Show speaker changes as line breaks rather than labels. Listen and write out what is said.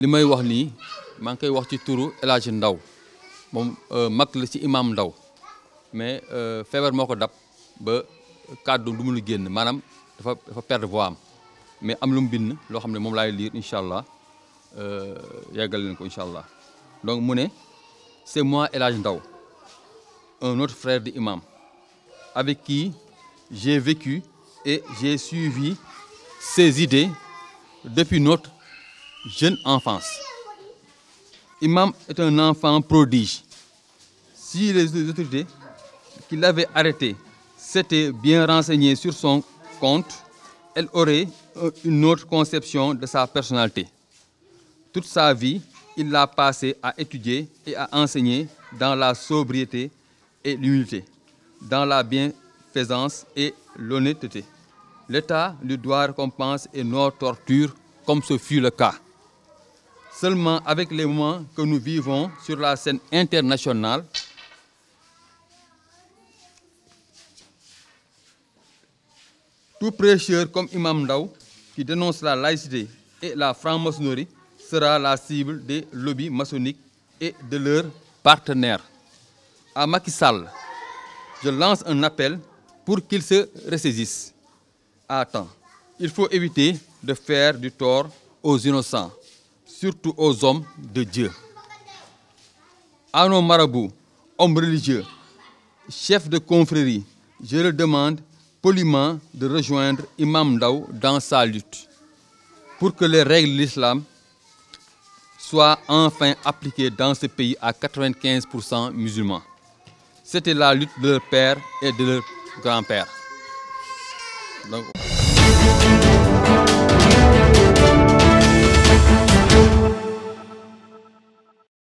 li wax ni wax ci Ndaw euh, la ci imam Ndaw mais je suis moko dab ba cadre du génn manam dafa perdre voix mais am lum bin lo mom lay donc c'est moi El un autre frère de avec qui j'ai vécu et j'ai suivi ses idées depuis notre jeune enfance. Imam est un enfant prodige. Si les autorités qui l'avaient arrêté s'étaient bien renseignées sur son compte, elle aurait euh, une autre conception de sa personnalité. Toute sa vie, il l'a passé à étudier et à enseigner dans la sobriété et l'humilité, dans la bienfaisance et l'honnêteté. L'État lui doit récompense et non torture, comme ce fut le cas. Seulement avec les moments que nous vivons sur la scène internationale, tout prêcheur comme Imam Daou qui dénonce la laïcité et la franc-maçonnerie sera la cible des lobbies maçonniques et de leurs partenaires. À Macky je lance un appel pour qu'ils se ressaisissent. Attends, Il faut éviter de faire du tort aux innocents surtout aux hommes de Dieu, à Marabou, homme religieux, chef de confrérie, je le demande poliment de rejoindre Imam Daou dans sa lutte pour que les règles de l'islam soient enfin appliquées dans ce pays à 95% musulmans. C'était la lutte de leur père et de leur grand-père.